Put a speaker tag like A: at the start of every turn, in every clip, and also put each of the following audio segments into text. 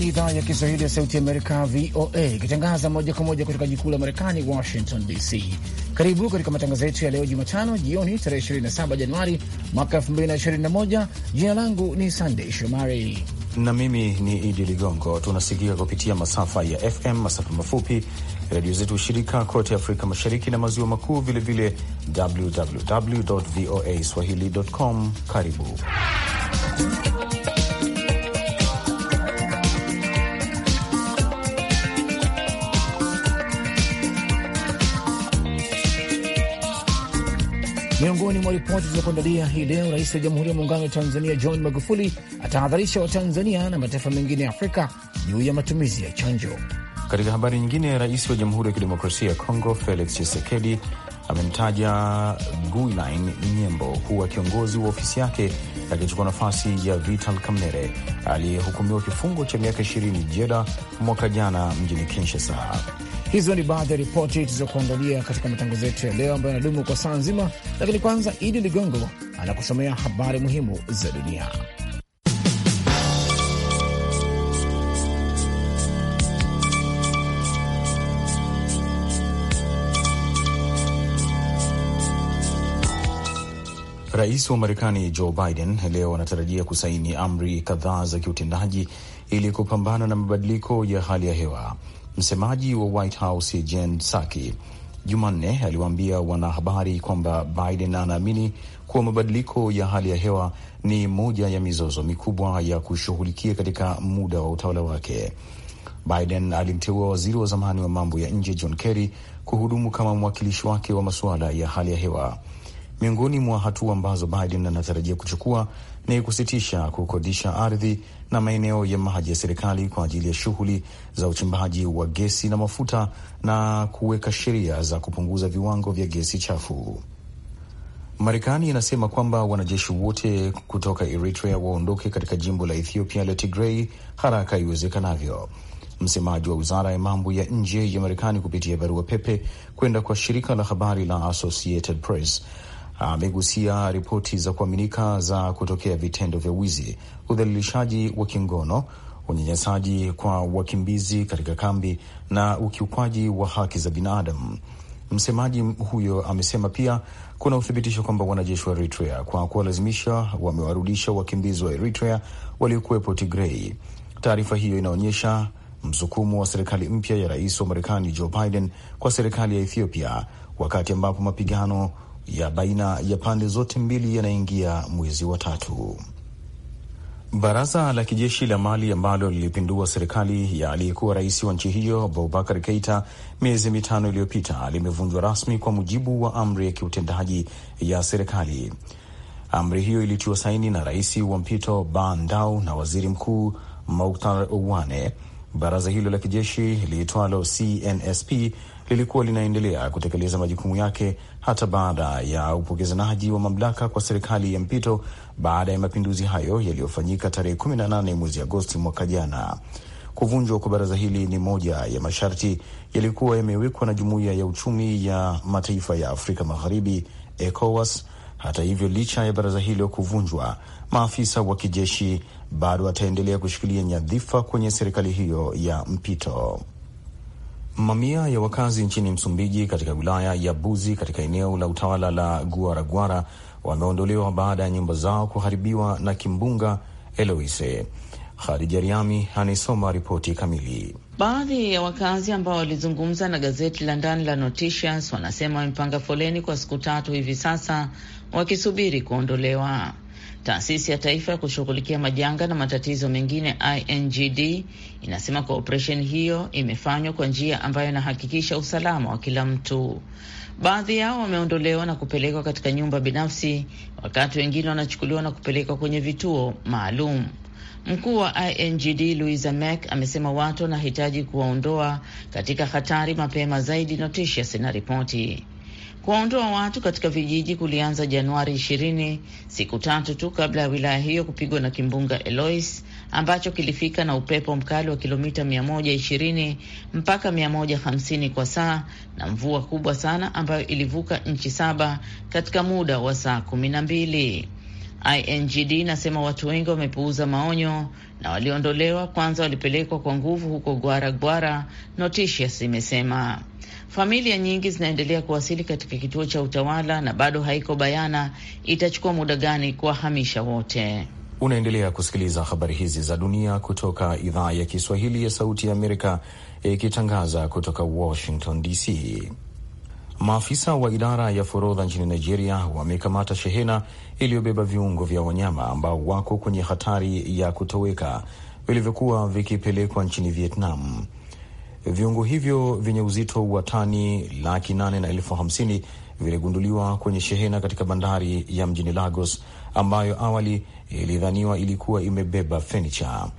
A: ni idhaa ya Kiswahili ya Sauti Amerika, VOA, ikitangaza moja kwa moja kutoka jikuu la Marekani, Washington DC. Karibu katika matangazo yetu ya leo Jumatano jioni tarehe 27 Januari mwaka 2021. Jina langu ni Sandey Shomari
B: na mimi ni Idi Ligongo. Tunasikika kupitia masafa ya FM, masafa mafupi, redio zetu shirika kote Afrika Mashariki na Maziwa Makuu, vilevile www voa swahili com. Karibu
A: Miongoni mwa ripoti zilizokuandalia hii leo, rais wa Jamhuri ya Muungano wa Tanzania John Magufuli atahadharisha Watanzania na mataifa mengine ya Afrika juu ya matumizi ya chanjo.
B: Katika habari nyingine, rais wa Jamhuri ya Kidemokrasia ya Kongo Felix Tshisekedi amemtaja Guilain Nyembo kuwa kiongozi wa ofisi yake akichukua nafasi ya Vital Kamerhe aliyehukumiwa kifungo cha miaka 20 jela mwaka jana mjini Kinshasa.
A: Hizo ni baadhi ya ripoti tulizokuandalia katika matangazo yetu ya leo ambayo yanadumu kwa saa nzima, lakini kwanza, Idi Ligongo anakusomea habari muhimu za dunia.
B: Rais wa Marekani Joe Biden leo anatarajia kusaini amri kadhaa za kiutendaji ili kupambana na mabadiliko ya hali ya hewa. Msemaji wa White House Jen Psaki Jumanne aliwaambia wanahabari kwamba Biden anaamini kuwa mabadiliko ya hali ya hewa ni moja ya mizozo mikubwa ya kushughulikia katika muda wa utawala wake. Biden alimteua waziri wa zamani wa mambo ya nje John Kerry kuhudumu kama mwakilishi wake wa masuala ya hali ya hewa. Miongoni mwa hatua ambazo Biden anatarajia kuchukua ni kusitisha kukodisha ardhi na maeneo ya maji ya serikali kwa ajili ya shughuli za uchimbaji wa gesi na mafuta na kuweka sheria za kupunguza viwango vya gesi chafu. Marekani inasema kwamba wanajeshi wote kutoka Eritrea waondoke katika jimbo la Ethiopia la Tigrei haraka iwezekanavyo. Msemaji wa wizara ya mambo ya nje ya Marekani kupitia barua pepe kwenda kwa shirika la habari la Associated Press amegusia ripoti za kuaminika za kutokea vitendo vya wizi, udhalilishaji wa kingono, unyanyasaji kwa wakimbizi katika kambi na ukiukwaji wa haki za binadamu. Msemaji huyo amesema pia kuna uthibitisho kwamba wanajeshi wa Eritrea kwa kuwalazimisha wamewarudisha wakimbizi wa Eritrea waliokuwepo Tigrei. Taarifa hiyo inaonyesha msukumo wa serikali mpya ya rais wa Marekani Joe Biden kwa serikali ya Ethiopia wakati ambapo mapigano ya baina ya pande zote mbili yanaingia mwezi wa tatu. Baraza la kijeshi la Mali ambalo lilipindua serikali ya aliyekuwa rais wa nchi hiyo Boubacar Keita miezi mitano iliyopita limevunjwa rasmi kwa mujibu wa amri ya kiutendaji ya serikali. Amri hiyo ilitiwa saini na rais wa mpito Ba Ndau na waziri mkuu Moktar Ouane. Baraza hilo la kijeshi liitwalo CNSP lilikuwa linaendelea kutekeleza majukumu yake hata baada ya upokezanaji wa mamlaka kwa serikali ya mpito baada ya mapinduzi hayo yaliyofanyika tarehe 18 mwezi Agosti mwaka jana. Kuvunjwa kwa baraza hili ni moja ya masharti yaliyokuwa yamewekwa na Jumuiya ya Uchumi ya Mataifa ya Afrika Magharibi, ECOWAS. Hata hivyo, licha ya baraza hilo kuvunjwa, maafisa wa kijeshi bado wataendelea kushikilia nyadhifa kwenye serikali hiyo ya mpito. Mamia ya wakazi nchini Msumbiji katika wilaya ya Buzi katika eneo la utawala la Guaraguara wameondolewa baada ya nyumba zao kuharibiwa na kimbunga Eloise. Khadija Riami anaisoma ripoti kamili.
C: Baadhi ya wakazi ambao walizungumza na gazeti la ndani la Noticias wanasema wamepanga foleni kwa siku tatu hivi sasa wakisubiri kuondolewa. Taasisi ya Taifa ya kushughulikia majanga na matatizo mengine INGD inasema kuwa operesheni hiyo imefanywa kwa njia ambayo inahakikisha usalama wa kila mtu. Baadhi yao wameondolewa na kupelekwa katika nyumba binafsi, wakati wengine wanachukuliwa na kupelekwa kwenye vituo maalum. Mkuu wa INGD Louisa Mek amesema watu wanahitaji kuwaondoa katika hatari mapema zaidi. Notisias na ripoti Kuwaondoa watu katika vijiji kulianza Januari 20 siku tatu tu kabla ya wilaya hiyo kupigwa na kimbunga Eloise ambacho kilifika na upepo mkali wa kilomita 120 mpaka 150 kwa saa na mvua kubwa sana ambayo ilivuka nchi saba katika muda wa saa kumi na mbili. INGD inasema watu wengi wamepuuza maonyo na waliondolewa kwanza, walipelekwa kwa nguvu huko Gwara Gwara, Notisias imesema. Familia nyingi zinaendelea kuwasili katika kituo cha utawala na bado haiko bayana itachukua muda gani kuwahamisha wote.
B: Unaendelea kusikiliza habari hizi za dunia kutoka idhaa ya Kiswahili ya Sauti ya Amerika ikitangaza kutoka Washington DC. Maafisa wa idara ya forodha nchini Nigeria wamekamata shehena iliyobeba viungo vya wanyama ambao wako kwenye hatari ya kutoweka vilivyokuwa vikipelekwa nchini Vietnam. Viungo hivyo vyenye uzito wa tani laki nane na elfu hamsini viligunduliwa kwenye shehena katika bandari ya mjini Lagos ambayo awali ilidhaniwa ilikuwa imebeba fenicha.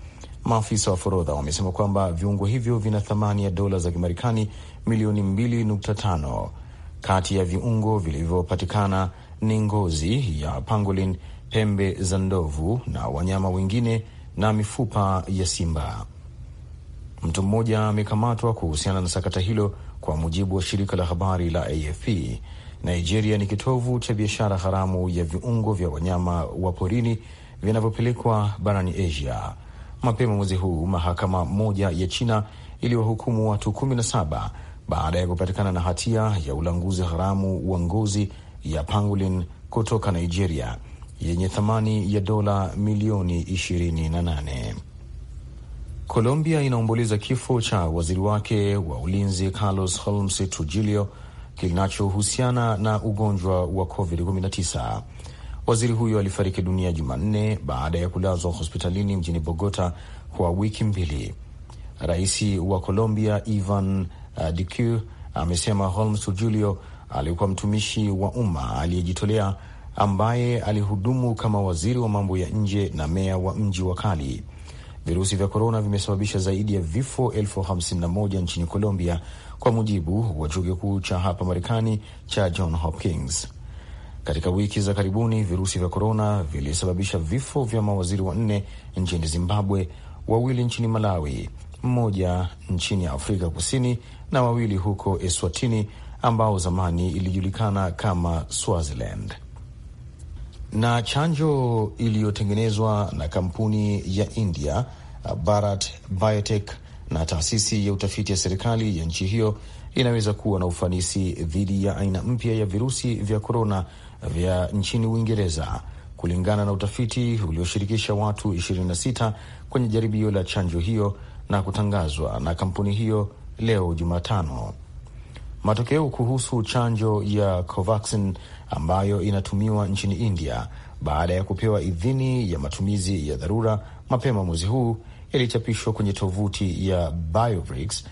B: Maafisa wa forodha wamesema kwamba viungo hivyo vina thamani ya dola za Kimarekani milioni 2.5. Kati ya viungo vilivyopatikana ni ngozi ya pangolin, pembe za ndovu na wanyama wengine na mifupa ya simba. Mtu mmoja amekamatwa kuhusiana na sakata hilo, kwa mujibu wa shirika la habari la AFP. Nigeria ni kitovu cha biashara haramu ya viungo vya wanyama wa porini vinavyopelekwa barani Asia. Mapema mwezi huu mahakama moja ya China iliwahukumu watu 17 baada ya kupatikana na hatia ya ulanguzi haramu wa ngozi ya pangolin kutoka Nigeria yenye thamani ya dola milioni 28. Colombia inaomboleza kifo cha waziri wake wa ulinzi Carlos Holmes Trujillo kinachohusiana na ugonjwa wa COVID-19. Waziri huyo alifariki dunia Jumanne baada ya kulazwa hospitalini mjini Bogota kwa wiki mbili. Rais wa Colombia Ivan uh, Duque amesema Holmes Trujillo alikuwa mtumishi wa umma aliyejitolea ambaye alihudumu kama waziri wa mambo ya nje na meya wa mji wa Cali. Virusi vya korona vimesababisha zaidi ya vifo elfu hamsini na moja nchini Colombia, kwa mujibu wa chuo kikuu cha hapa Marekani cha John Hopkins. Katika wiki za karibuni, virusi vya korona vilisababisha vifo vya mawaziri wanne nchini Zimbabwe, wawili nchini Malawi, mmoja nchini Afrika Kusini na wawili huko Eswatini, ambao zamani ilijulikana kama Swaziland na chanjo iliyotengenezwa na kampuni ya India Bharat Biotech na taasisi ya utafiti ya serikali ya nchi hiyo inaweza kuwa na ufanisi dhidi ya aina mpya ya virusi vya korona vya nchini Uingereza, kulingana na utafiti ulioshirikisha watu 26 kwenye jaribio la chanjo hiyo na kutangazwa na kampuni hiyo leo Jumatano. Matokeo kuhusu chanjo ya Covaxin ambayo inatumiwa nchini India baada ya kupewa idhini ya matumizi ya dharura mapema mwezi huu yalichapishwa kwenye tovuti ya BioVrix.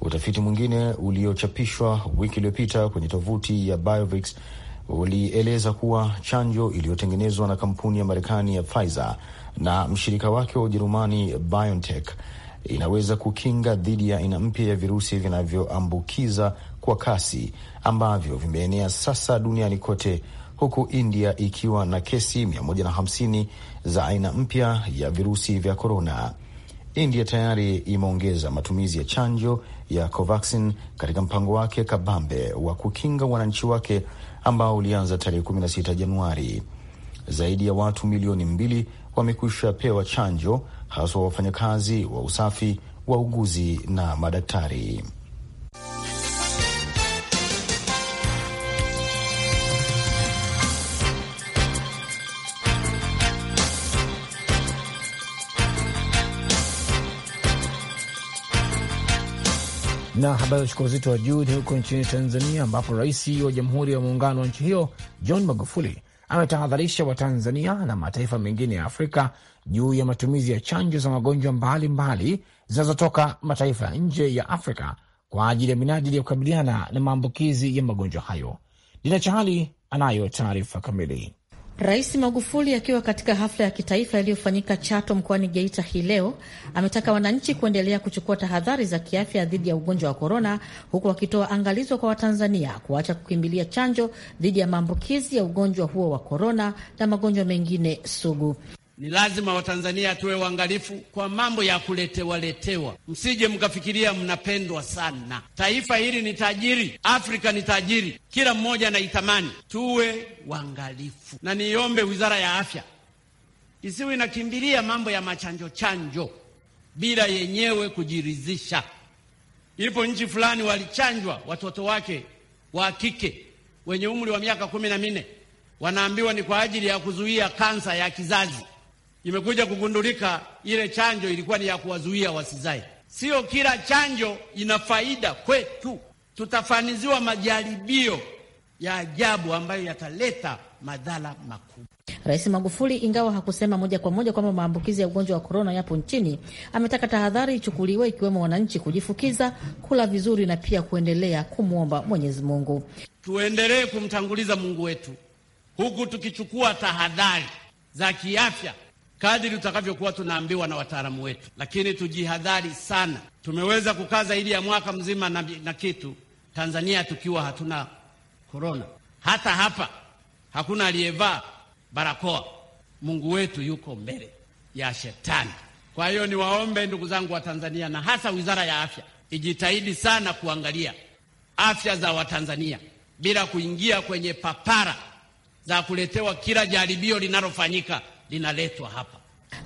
B: Utafiti mwingine uliochapishwa wiki iliyopita kwenye tovuti ya BioVrix ulieleza kuwa chanjo iliyotengenezwa na kampuni ya Marekani ya Pfizer na mshirika wake wa Ujerumani BioNTech inaweza kukinga dhidi ya aina mpya ya virusi vinavyoambukiza kwa kasi ambavyo vimeenea sasa duniani kote, huku India ikiwa na kesi 150 za aina mpya ya virusi vya korona. India tayari imeongeza matumizi ya chanjo ya Covaxin katika mpango wake kabambe wa kukinga wananchi wake ambao ulianza tarehe 16 Januari. Zaidi ya watu milioni mbili wamekwisha pewa chanjo, haswa wafanyakazi wa usafi, wauguzi na madaktari.
A: Na habari za uchukua uzito wa juu ni huko nchini Tanzania, ambapo rais wa Jamhuri ya Muungano wa nchi hiyo John Magufuli ametahadharisha Watanzania na mataifa mengine ya Afrika juu ya matumizi ya chanjo za magonjwa mbalimbali zinazotoka mataifa ya nje ya Afrika kwa ajili ya minajili ya kukabiliana na maambukizi ya magonjwa hayo. Dina Chahali anayo taarifa kamili. Rais Magufuli
C: akiwa katika hafla ya kitaifa iliyofanyika Chato mkoani Geita hii leo ametaka wananchi kuendelea kuchukua tahadhari za kiafya dhidi ya ugonjwa wa korona, huku akitoa angalizo kwa Watanzania kuacha kukimbilia chanjo dhidi ya maambukizi ya ugonjwa huo wa korona na magonjwa mengine sugu.
D: Ni lazima Watanzania tuwe waangalifu kwa mambo ya kuletewaletewa, msije mkafikiria mnapendwa sana. Taifa hili ni tajiri, Afrika ni tajiri, kila mmoja anaitamani. Tuwe waangalifu, na niombe wizara ya afya isiwe inakimbilia mambo ya machanjo chanjo bila yenyewe kujiridhisha. Ilipo nchi fulani walichanjwa watoto wake wa kike wenye umri wa miaka kumi na minne, wanaambiwa ni kwa ajili ya kuzuia kansa ya kizazi imekuja kugundulika ile chanjo ilikuwa ni ya kuwazuia wasizae. Sio kila chanjo ina faida kwetu, tutafaniziwa majaribio ya ajabu ambayo yataleta madhara makubwa.
C: Rais Magufuli, ingawa hakusema moja kwa moja kwamba maambukizi ya ugonjwa wa korona yapo nchini, ametaka tahadhari ichukuliwe, ikiwemo wananchi kujifukiza, kula vizuri na pia kuendelea kumwomba Mwenyezi Mungu.
D: Tuendelee kumtanguliza Mungu wetu huku tukichukua tahadhari za kiafya kadiri tutakavyokuwa tunaambiwa na wataalamu wetu, lakini tujihadhari sana. Tumeweza kukaa zaidi ya mwaka mzima na, na kitu Tanzania tukiwa hatuna korona. Hata hapa hakuna aliyevaa barakoa. Mungu wetu yuko mbele ya shetani. Kwa hiyo niwaombe ndugu zangu wa Tanzania, na hasa wizara ya afya ijitahidi sana kuangalia afya za Watanzania bila kuingia kwenye papara za kuletewa kila jaribio linalofanyika linaletwa hapa.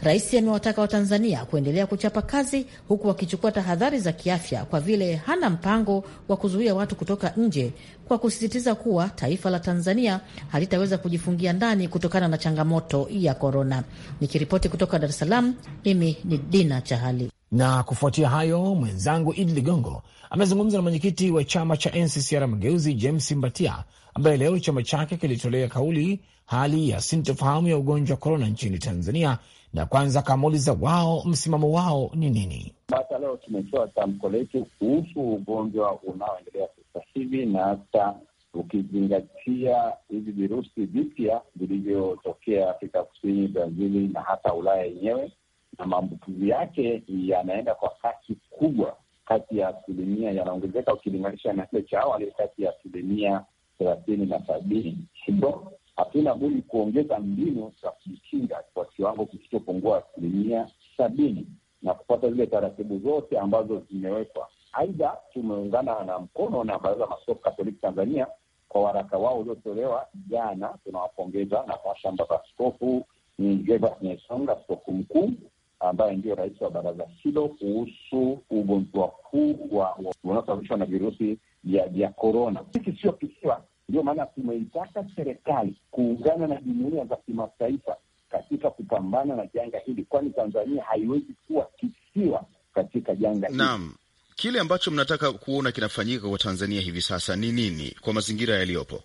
C: Rais amewataka Watanzania kuendelea kuchapa kazi huku wakichukua tahadhari za kiafya kwa vile hana mpango wa kuzuia watu kutoka nje, kwa kusisitiza kuwa taifa la Tanzania halitaweza kujifungia ndani kutokana na changamoto
A: ya korona. Nikiripoti kutoka Dar es Salaam, mimi ni Dina Chahali. Na kufuatia hayo, mwenzangu Idi Ligongo amezungumza na mwenyekiti wa chama cha NCCR Mageuzi, James Mbatia, ambaye leo chama chake kilitolea kauli hali ya sintofahamu ya ugonjwa wa korona nchini Tanzania, na kwanza akamuuliza wao msimamo wao ni nini. Hata
E: leo tumetoa tamko letu kuhusu ugonjwa unaoendelea sasa hivi na hata ukizingatia hivi virusi vipya vilivyotokea Afrika Kusini, Brazili na hata Ulaya yenyewe, na maambukizi yake yanaenda kwa kasi kubwa, kati ya asilimia yanaongezeka ukilinganisha na kile cha awali, kati ya asilimia thelathini na sabini hatuna budi kuongeza mbinu za kujikinga kwa kiwango kisichopungua asilimia sabini na kupata zile taratibu zote ambazo zimewekwa. Aidha, tumeungana na mkono na Baraza la Maaskofu Katoliki Tanzania kwa waraka wao uliotolewa jana. Tunawapongeza na kuwashamba Askofu skofu Nyaisonga, askofu mkuu ambaye ndiyo rais wa baraza hilo, kuhusu ugonjwa huu unaosababishwa na virusi vya korona. Hiki sio kisiwa ndio maana tumeitaka serikali kuungana na jumuia za kimataifa katika kupambana na janga hili, kwani Tanzania haiwezi kuwa kisiwa katika
B: janga hili. Naam, kile ambacho mnataka kuona kinafanyika kwa Tanzania hivi sasa ni nini kwa mazingira yaliyopo?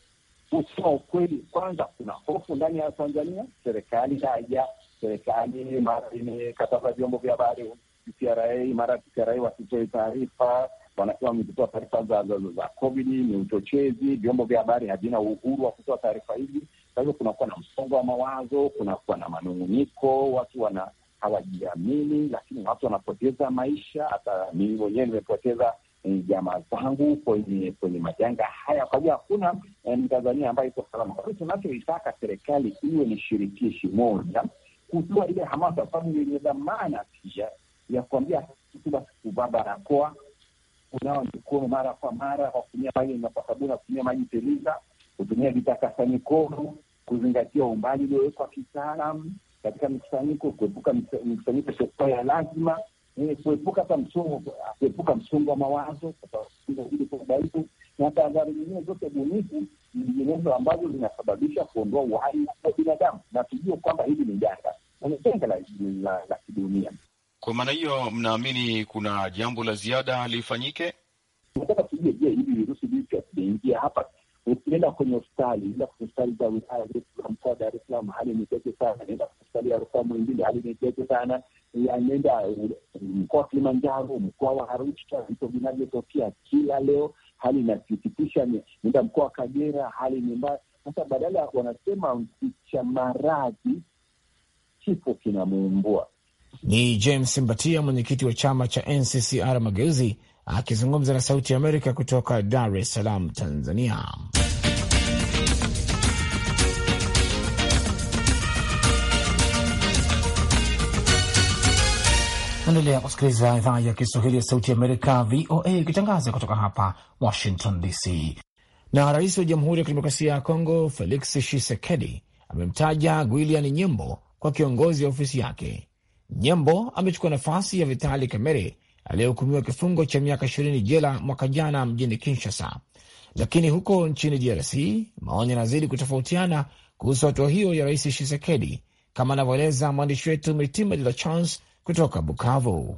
E: Kusema ukweli, kwanza kuna hofu ndani ya Tanzania. Serikali haja serikali mara imekataza vyombo vya habari, TCRA mara TCRA wasitoe taarifa wanakuwa wamezitoa taarifa za, za, za COVID ni uchochezi, vyombo vya habari havina uhuru wa kutoa taarifa hizi. Kwa hivyo kunakuwa na msongo wa mawazo, kunakuwa na manung'uniko, watu wana hawajiamini, lakini watu wanapoteza maisha. Hata mimi mwenyewe nimepoteza eh, jamaa zangu kwenye kwenye majanga haya. Kwa hiyo hakuna eh, Mtanzania ambaye iko salama. Kwa hiyo tunachoitaka serikali iwe ni shirikishi moja, kutoa ile hamasa, kwa sababu yenye dhamana pia ya kuambia basi kuvaa barakoa kunawa mikono mara kwa mara kwa kutumia maji na kwa sabuni na kutumia maji teliza, kutumia vitakasa mikono, kuzingatia umbali uliowekwa kitaalam katika mkusanyiko, kuepuka mkusanyiko isiyokuwa ya lazima, eh, kuepuka hata msongo, kuepuka msongo wa mawazo kwasababu na tahadhari nyingine zote bunifu nyinginezo ambazo zinasababisha kuondoa uhai wa binadamu, na tujue kwamba hili ni janga, ni janga la kidunia.
B: Kwa maana hiyo, mnaamini kuna jambo la ziada lifanyike? Nataka tujue, je, hivi virusi hivi vyaingia hapa,
E: ukienda kwenye hospitali, enda kwenye hospitali za wilaya zetu za mkoa wa Dar es Salaam, hali ni tete sana. Naenda hospitali ya rufaa Muhimbili, hali ni tete sana. Anaenda mkoa wa Kilimanjaro, mkoa wa Arusha, vitu vinavyotokea kila leo, hali inasikitisha. Nenda mkoa wa Kagera, hali ni mbaya. Sasa badala wanasema mficha maradhi,
A: kifo kinamuumbua ni James Mbatia, mwenyekiti wa chama cha NCCR Mageuzi, akizungumza na Sauti ya Amerika kutoka Dar es Salaam, Tanzania. Naendelea kusikiliza idhaa ya Kiswahili ya Sauti ya Amerika, VOA, ikitangaza kutoka hapa Washington DC. Na rais wa Jamhuri ya Kidemokrasia ya Kongo Felix Tshisekedi amemtaja Guilian Nyembo kwa kiongozi wa ofisi yake Nyembo amechukua nafasi ya Vitali Kamere aliyehukumiwa kifungo cha miaka ishirini jela mwaka jana mjini Kinshasa. Lakini huko nchini DRC maoni yanazidi kutofautiana kuhusu hatua hiyo ya Rais Tshisekedi, kama anavyoeleza mwandishi wetu Mitima De La Chance kutoka Bukavu.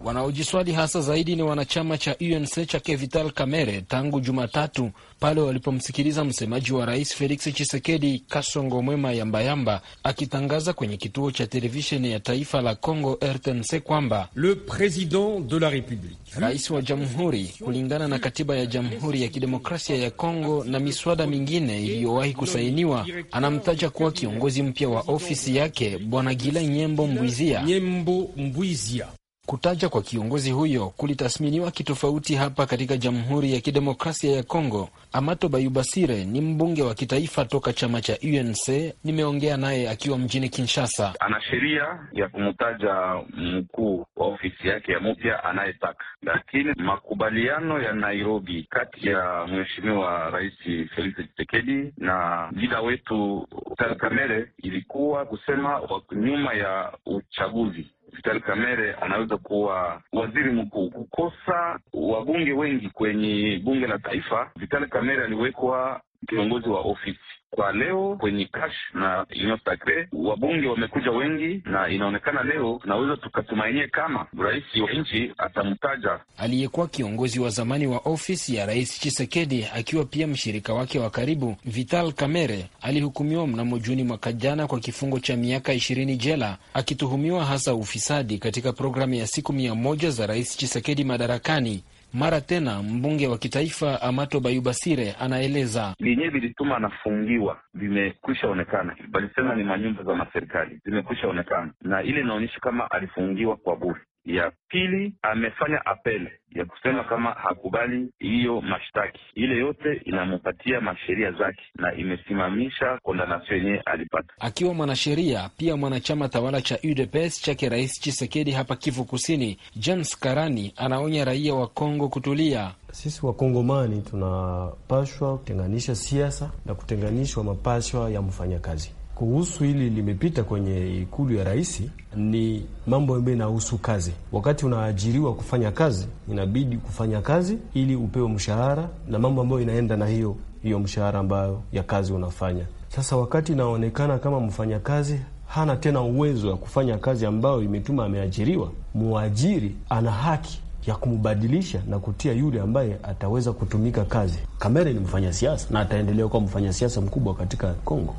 F: Wanaojiswali hasa zaidi ni wanachama cha UNC chake Vital Kamerhe tangu Jumatatu pale walipomsikiliza msemaji wa rais Felix Tshisekedi Kasongo Mwema Yambayamba akitangaza kwenye kituo cha televisheni ya taifa la Congo RTNC kwamba Le President de la Republique, rais wa jamhuri, kulingana na katiba ya Jamhuri ya Kidemokrasia ya Congo na miswada mingine iliyowahi kusainiwa, anamtaja kuwa kiongozi mpya wa ofisi yake Bwana Gila Nyembo Mbwizia. Nyembo Mbwizia. Kutajwa kwa kiongozi huyo kulitathminiwa kitofauti hapa katika Jamhuri ya Kidemokrasia ya Kongo. Amato Bayubasire ni mbunge wa kitaifa toka chama cha UNC. Nimeongea naye akiwa mjini Kinshasa.
G: Ana sheria ya kumtaja mkuu wa ofisi yake ya mpya anayetaka, lakini makubaliano ya Nairobi kati ya mheshimiwa Rais Felix Tshisekedi na jida wetu Kamere ilikuwa kusema nyuma ya uchaguzi Vital Kamerhe anaweza kuwa waziri mkuu. Kukosa wabunge wengi kwenye bunge la taifa, Vital Kamerhe aliwekwa kiongozi wa ofisi kwa leo kwenye cash na union sacre wabunge wamekuja wengi, na inaonekana leo tunaweza tukatumainie kama rais wa nchi atamtaja
F: aliyekuwa kiongozi wa zamani wa ofisi ya rais Chisekedi, akiwa pia mshirika wake wa karibu Vital Kamere. Alihukumiwa mnamo Juni mwaka jana kwa kifungo cha miaka ishirini jela, akituhumiwa hasa ufisadi katika programu ya siku mia moja za rais Chisekedi madarakani. Mara tena mbunge wa kitaifa Amato Bayubasire anaeleza
G: vyenyewe vilituma anafungiwa vimekwisha onekana, walisema ni manyumba za maserikali zimekwisha onekana, na ile inaonyesha kama alifungiwa kwa bure. Ya pili, amefanya apel ya kusema mm. kama hakubali hiyo mashtaki, ile yote inamupatia masheria zake na imesimamisha kondanasio yenyewe alipata
F: akiwa mwanasheria. Pia mwanachama tawala cha UDPS chake Rais Chisekedi hapa Kivu Kusini, James Karani, anaonya raia wa Kongo kutulia.
H: Sisi Wakongomani tunapashwa kutenganisha siasa na kutenganishwa mapashwa ya mfanyakazi kuhusu hili limepita kwenye ikulu ya rais, ni mambo ambayo inahusu kazi. Wakati unaajiriwa kufanya kazi, inabidi kufanya kazi ili upewe mshahara na mambo ambayo inaenda na hiyo hiyo mshahara ambayo ya kazi unafanya. Sasa wakati inaonekana kama mfanyakazi hana tena uwezo wa kufanya kazi ambayo imetuma ameajiriwa, muajiri ana haki ya kumbadilisha na kutia yule ambaye ataweza kutumika kazi. Kamere ni mfanya siasa na ataendelea kuwa mfanya siasa mkubwa katika Kongo.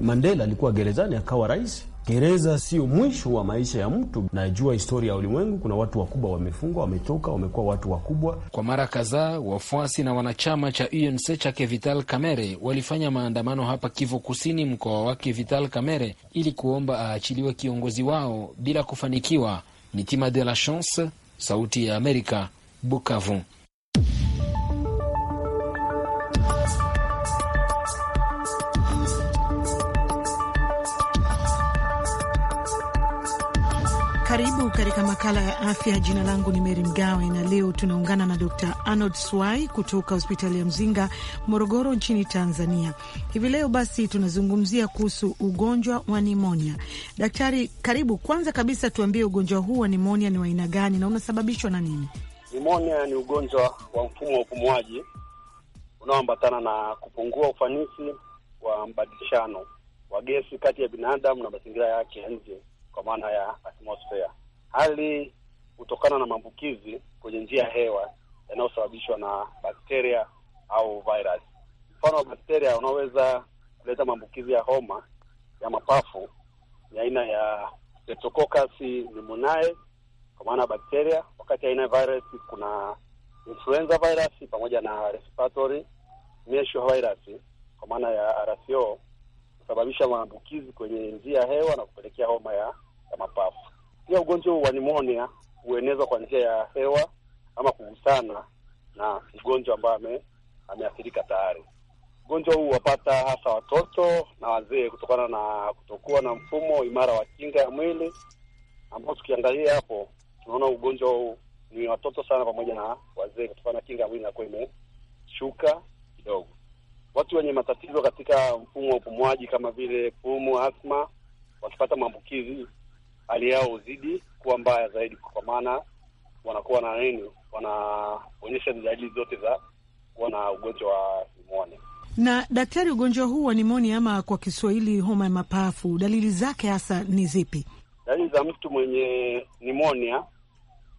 H: Mandela alikuwa gerezani akawa rais. Gereza sio mwisho wa maisha ya mtu. Najua historia ya ulimwengu, kuna watu wakubwa
F: wamefungwa, wametoka, wamekuwa watu wakubwa. Kwa mara kadhaa, wafuasi na wanachama cha UNC chake Vital Kamere walifanya maandamano hapa Kivu Kusini, mkoa wake Vital Kamere, ili kuomba aachiliwe kiongozi wao bila kufanikiwa. Mitima de la Chance, Sauti ya Amerika, Bukavu.
I: katika makala ya afya. Jina langu ni Meri Mgawe na leo tunaungana na Dr Arnold Swai kutoka hospitali ya Mzinga, Morogoro, nchini Tanzania. Hivi leo basi tunazungumzia kuhusu ugonjwa wa nimonia. Daktari, karibu. Kwanza kabisa, tuambie ugonjwa huu wa nimonia ni wa aina gani na unasababishwa na nini?
H: Nimonia ni ugonjwa wa mfumo wa upumuaji unaoambatana na kupungua ufanisi wa mbadilishano wa gesi kati ya binadamu na mazingira yake ya nje kwa maana ya atmosfea hali kutokana na maambukizi kwenye njia ya hewa yanayosababishwa na bakteria au virus. Mfano wa bakteria unaoweza kuleta maambukizi ya homa ya mapafu ni aina ya Streptococcus pneumoniae kwa maana bakteria, wakati aina ya virus kuna influenza virus pamoja na respiratory syncytial virus kwa maana ya RSO kusababisha maambukizi kwenye njia ya hewa na kupelekea homa ya pia ugonjwa wa nimonia huenezwa kwa njia ya hewa ama kugusana na mgonjwa ambaye ameathirika tayari. Ugonjwa huu wapata hasa watoto na wazee kutokana na kutokuwa na mfumo imara wa kinga ya mwili, ambao tukiangalia hapo tunaona ugonjwa huu ni watoto sana pamoja na wazee, kutokana na kinga ya mwili inakuwa imeshuka kidogo. Watu wenye matatizo katika mfumo wa upumuaji kama vile pumu, asma, wakipata maambukizi hali yao huzidi kuwa mbaya zaidi, kwa maana wanakuwa na nini, wanaonyesha dalili zote za kuwa na ugonjwa wa nimonia.
I: Na daktari, ugonjwa huu wa nimonia ama kwa Kiswahili homa ya mapafu, dalili zake hasa ni zipi?
H: Dalili za mtu mwenye nimonia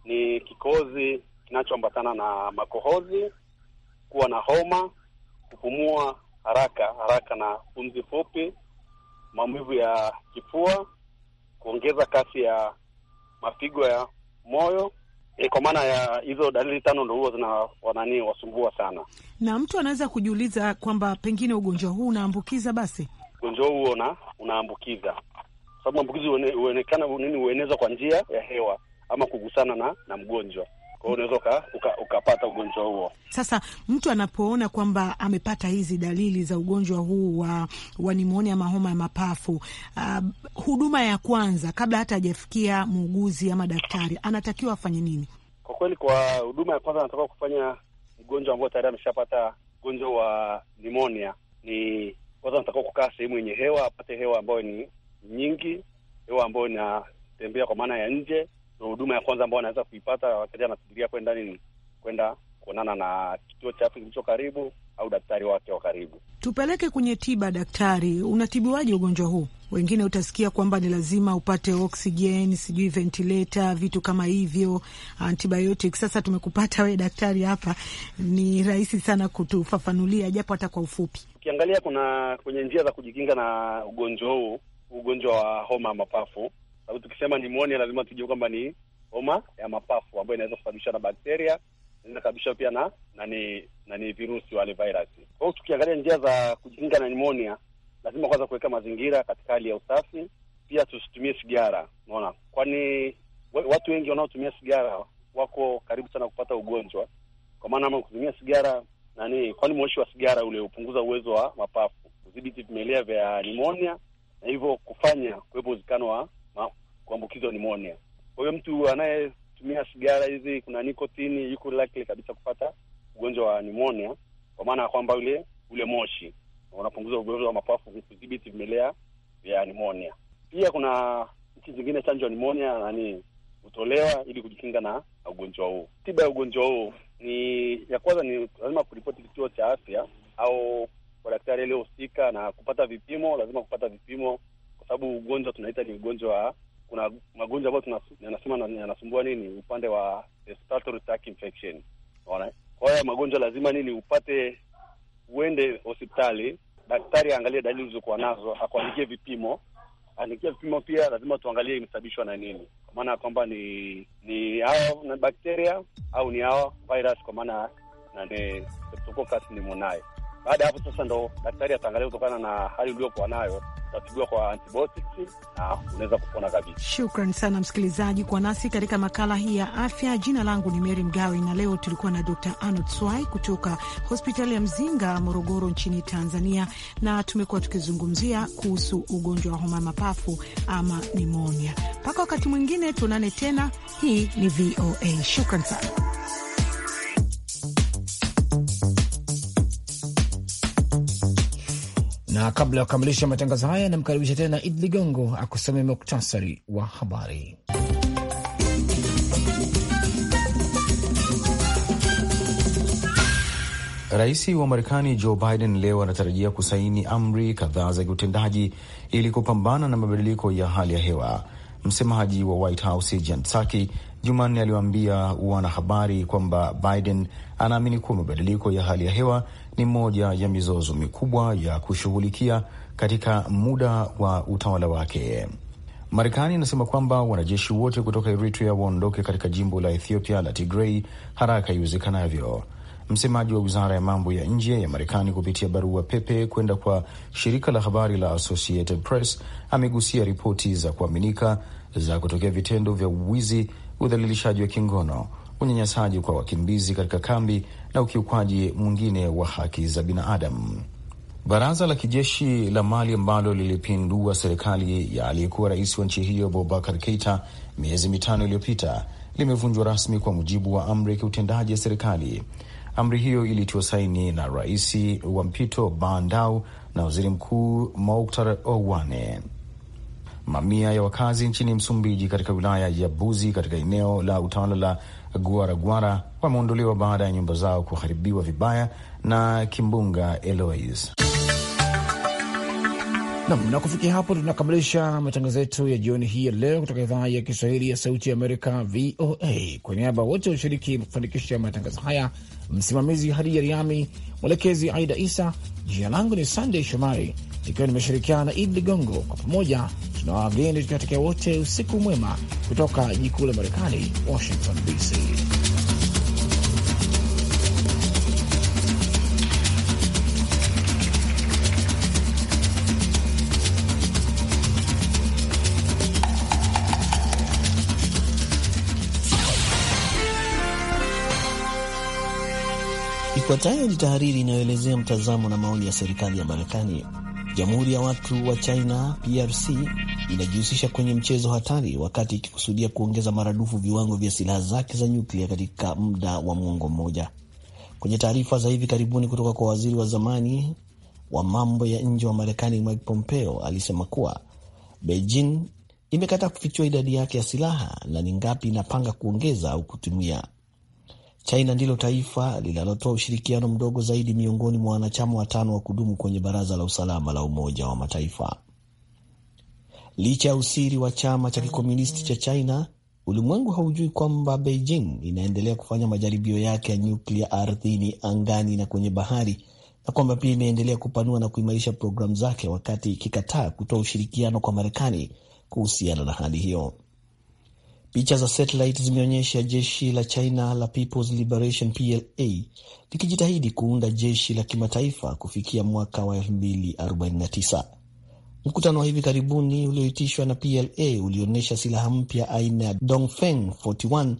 H: ni kikozi kinachoambatana na makohozi, kuwa na homa,
I: kupumua
H: haraka haraka na pumzi fupi, maumivu ya kifua kuongeza kasi ya mapigo ya moyo E, kwa maana ya hizo dalili tano ndo huwa zina wanani wasumbua sana,
I: na mtu anaweza kujiuliza kwamba pengine ugonjwa huu unaambukiza. Basi
H: ugonjwa huu una unaambukiza kwa sababu maambukizi huonekana nini, huenezwa kwa njia ya hewa ama kugusana na, na mgonjwa kwa unaweza uka, ukapata ugonjwa huo.
I: Sasa mtu anapoona kwamba amepata hizi dalili za ugonjwa huu wa, wa nimonia ama homa ya mapafu uh, huduma ya kwanza kabla hata hajafikia muuguzi ama daktari anatakiwa afanye nini?
H: Kwa kweli, kwa huduma ya kwanza anatakiwa kufanya mgonjwa ambao tayari ameshapata ugonjwa wa nimonia ni kwanza anatakiwa kukaa sehemu yenye hewa, apate hewa ambayo ni nyingi, hewa ambayo inatembea kwa maana ya nje so huduma ya kwanza ambao anaweza kuipata wakati anasubiria kwenda nini, kwenda kuonana na kituo cha afya kilicho karibu au daktari wake wa karibu.
I: Tupeleke kwenye tiba, daktari, unatibiwaje ugonjwa huu? Wengine utasikia kwamba ni lazima upate oksijeni, sijui ventileta, vitu kama hivyo, antibiotic. Sasa tumekupata wee daktari hapa, ni rahisi sana kutufafanulia japo hata kwa ufupi.
H: Ukiangalia kuna kwenye njia za kujikinga na ugonjwa huu, ugonjwa wa homa ya mapafu sababu tukisema nimonia lazima tujue kwamba ni homa ya mapafu ambayo inaweza kusababishwa na bakteria, inaweza kusababishwa pia na nani nani virusi wale virus. Kwa hiyo tukiangalia njia za kujikinga na nimonia, lazima kwanza kuweka mazingira katika hali ya usafi, pia tusitumie sigara. Unaona, kwani watu wengi wanaotumia sigara wako karibu sana kupata ugonjwa, kwa maana ama kutumia sigara nani, kwani moshi wa sigara ule hupunguza uwezo wa mapafu kudhibiti vimelea vya nimonia na hivyo kufanya kuwepo uwezekano wa kuambukizwa nimonia. Kwa hiyo mtu anayetumia sigara hizi, kuna nikotini, yuko likely kabisa kupata ugonjwa wa nimonia, kwa maana ya kwamba ule ule moshi unapunguza ugonjwa wa mapafu kudhibiti vimelea vya nimonia. Pia kuna nchi zingine chanjo ya nimonia nani hutolewa ili kujikinga na ugonjwa huu. Tiba ya ugonjwa huu ni ya kwanza, ni lazima kuripoti kituo cha afya au kwa daktari aliyohusika na kupata vipimo. Lazima kupata vipimo, kwa sababu ugonjwa tunaita ni ugonjwa kuna magonjwa ambayo yanasema yanasumbua nini upande wa respiratory tract infection. kwa hiyo magonjwa lazima nini upate, uende hospitali, daktari aangalie dalili ulizokuwa nazo, akuandikie vipimo. Andikia vipimo pia lazima tuangalie imesababishwa na nini, kwa maana ya kwamba ni ni hao na bakteria au ni hao virus, kwa maana na Streptococcus pneumoniae. Baada ya hapo sasa, ndo daktari ataangalia kutokana na hali uliokuwa nayo, utatibiwa kwa antibiotics na unaweza kupona kabisa.
I: Shukran sana msikilizaji kwa nasi katika makala hii ya afya. Jina langu ni Mary Mgawe na leo tulikuwa na Dr. Arnold Swai kutoka hospitali ya Mzinga, Morogoro, nchini Tanzania, na tumekuwa tukizungumzia kuhusu ugonjwa wa homa mapafu ama nimonia. Mpaka wakati mwingine tuonane tena. Hii ni VOA. Shukran sana.
A: Na kabla ya kukamilisha matangazo haya, namkaribisha tena Idi Ligongo akusome muktasari wa habari.
B: Rais wa Marekani Joe Biden leo anatarajia kusaini amri kadhaa za kiutendaji ili kupambana na mabadiliko ya hali ya hewa. Msemaji wa White House Jen Psaki Jumanne aliwaambia wanahabari kwamba Biden anaamini kuwa mabadiliko ya hali ya hewa ni moja ya mizozo mikubwa ya kushughulikia katika muda wa utawala wake. Marekani inasema kwamba wanajeshi wote kutoka Eritrea waondoke katika jimbo la Ethiopia la Tigrei haraka iwezekanavyo. Msemaji wa wizara ya mambo ya nje ya Marekani kupitia barua pepe kwenda kwa shirika la habari la Associated Press amegusia ripoti za kuaminika za kutokea vitendo vya uwizi udhalilishaji wa kingono, unyanyasaji kwa wakimbizi katika kambi na ukiukwaji mwingine wa haki za binadamu. Baraza la kijeshi la Mali ambalo lilipindua serikali ya aliyekuwa rais wa nchi hiyo Bobakar Keita miezi mitano iliyopita limevunjwa rasmi kwa mujibu wa amri ya kiutendaji ya serikali. Amri hiyo ilitiwa saini na rais wa mpito Bandau na waziri mkuu Moktar Owane. Mamia ya wakazi nchini Msumbiji katika wilaya ya Buzi katika eneo la utawala la Guaraguara wameondolewa baada ya nyumba zao kuharibiwa vibaya na kimbunga
A: Eloise. Nam na kufikia hapo tunakamilisha matangazo yetu ya jioni hii ya leo kutoka idhaa ya Kiswahili ya Sauti ya Amerika, VOA. Kwa niaba wote washiriki kufanikisha matangazo haya, msimamizi Hadija Riami, mwelekezi Aida Isa, jina langu ni Sandey Shomari ikiwa nimeshirikiana na Idi Ligongo. Kwa pamoja tunawageni tukiwatakia wote usiku mwema kutoka jikuu la Marekani, Washington DC.
J: Ifuatayo ni tahariri inayoelezea mtazamo na maoni ya serikali ya Marekani. Jamhuri ya Watu wa China PRC inajihusisha kwenye mchezo hatari wakati ikikusudia kuongeza maradufu viwango vya silaha zake za nyuklia katika muda wa mwongo mmoja. Kwenye taarifa za hivi karibuni kutoka kwa waziri wa zamani wa mambo ya nje wa Marekani Mike Pompeo alisema kuwa Beijing imekataa kufichua idadi yake ya silaha na ni ngapi inapanga kuongeza au kutumia. China ndilo taifa linalotoa ushirikiano mdogo zaidi miongoni mwa wanachama watano wa kudumu kwenye Baraza la Usalama la Umoja wa Mataifa. Licha ya usiri wa chama cha kikomunisti cha China, ulimwengu haujui kwamba Beijing inaendelea kufanya majaribio yake ya nyuklia ardhini, angani na kwenye bahari, na kwamba pia imeendelea kupanua na kuimarisha programu zake, wakati ikikataa kutoa ushirikiano kwa Marekani kuhusiana na hali hiyo. Picha za satellite zimeonyesha jeshi la China la People's Liberation PLA likijitahidi kuunda jeshi la kimataifa kufikia mwaka wa 2049. Mkutano wa hivi karibuni ulioitishwa na PLA ulionyesha silaha mpya aina ya Dongfeng 41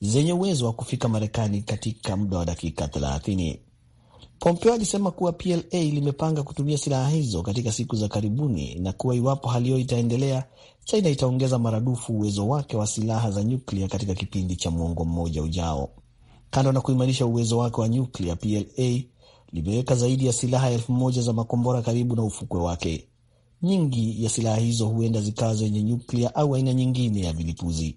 J: zenye uwezo wa kufika Marekani katika muda wa dakika 30. Pompeo alisema kuwa PLA limepanga kutumia silaha hizo katika siku za karibuni na kuwa iwapo hali hiyo itaendelea, China itaongeza maradufu uwezo wake wa silaha za nyuklia katika kipindi cha mwongo mmoja ujao. Kando na kuimarisha uwezo wake wa nyuklia, PLA limeweka zaidi ya silaha elfu moja za makombora karibu na ufukwe wake. Nyingi ya silaha hizo huenda zikawa zenye nyuklia au aina nyingine ya vilipuzi.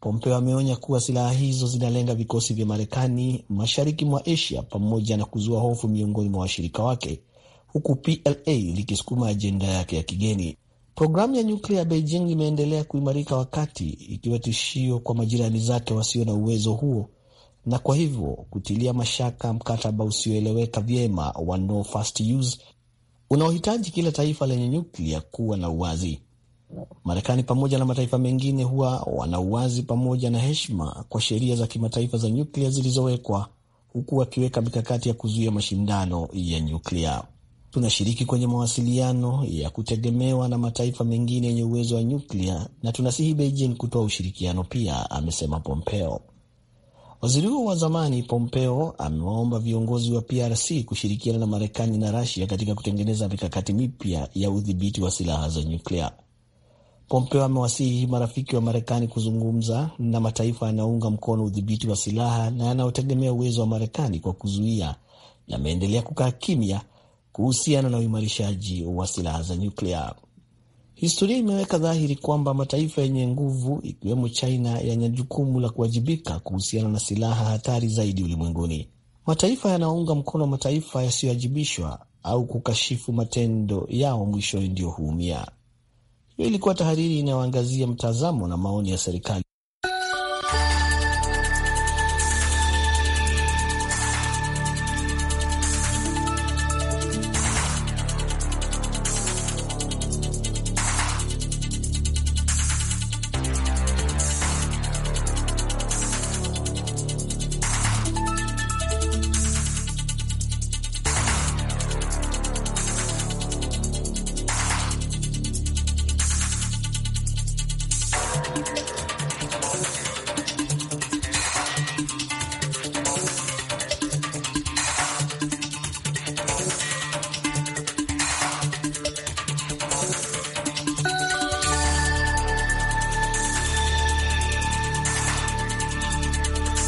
J: Pompeo ameonya kuwa silaha hizo zinalenga vikosi vya Marekani mashariki mwa Asia pamoja na kuzua hofu miongoni mwa washirika wake, huku PLA likisukuma ajenda yake ya kigeni. Programu ya nyuklia ya Beijing imeendelea kuimarika wakati ikiwa tishio kwa majirani zake wasio na uwezo huo, na kwa hivyo kutilia mashaka mkataba usioeleweka vyema wa no first use unaohitaji kila taifa lenye nyuklia kuwa na uwazi. Marekani pamoja na mataifa mengine huwa wana uwazi pamoja na heshima kwa sheria za kimataifa za nyuklia zilizowekwa, huku wakiweka mikakati ya kuzuia mashindano ya nyuklia. Tunashiriki kwenye mawasiliano ya kutegemewa na mataifa mengine yenye uwezo wa nyuklia na tunasihi Beijing kutoa ushirikiano pia, amesema Pompeo. Waziri huo wa zamani Pompeo amewaomba viongozi wa PRC kushirikiana na Marekani na Rasia katika kutengeneza mikakati mipya ya udhibiti wa silaha za nyuklia. Pompeo amewasihi marafiki wa Marekani kuzungumza na mataifa yanayounga mkono udhibiti wa silaha na yanayotegemea uwezo wa Marekani kwa kuzuia, yameendelea kukaa kimya kuhusiana na uimarishaji wa silaha za nyuklia. Historia imeweka dhahiri kwamba mataifa yenye nguvu ikiwemo China yana jukumu la kuwajibika kuhusiana na silaha hatari zaidi ulimwenguni. Mataifa yanaounga mkono mataifa yasiyoajibishwa au kukashifu matendo yao mwishowe ndiyo huumia. Hii ilikuwa tahariri inayoangazia mtazamo na maoni ya serikali.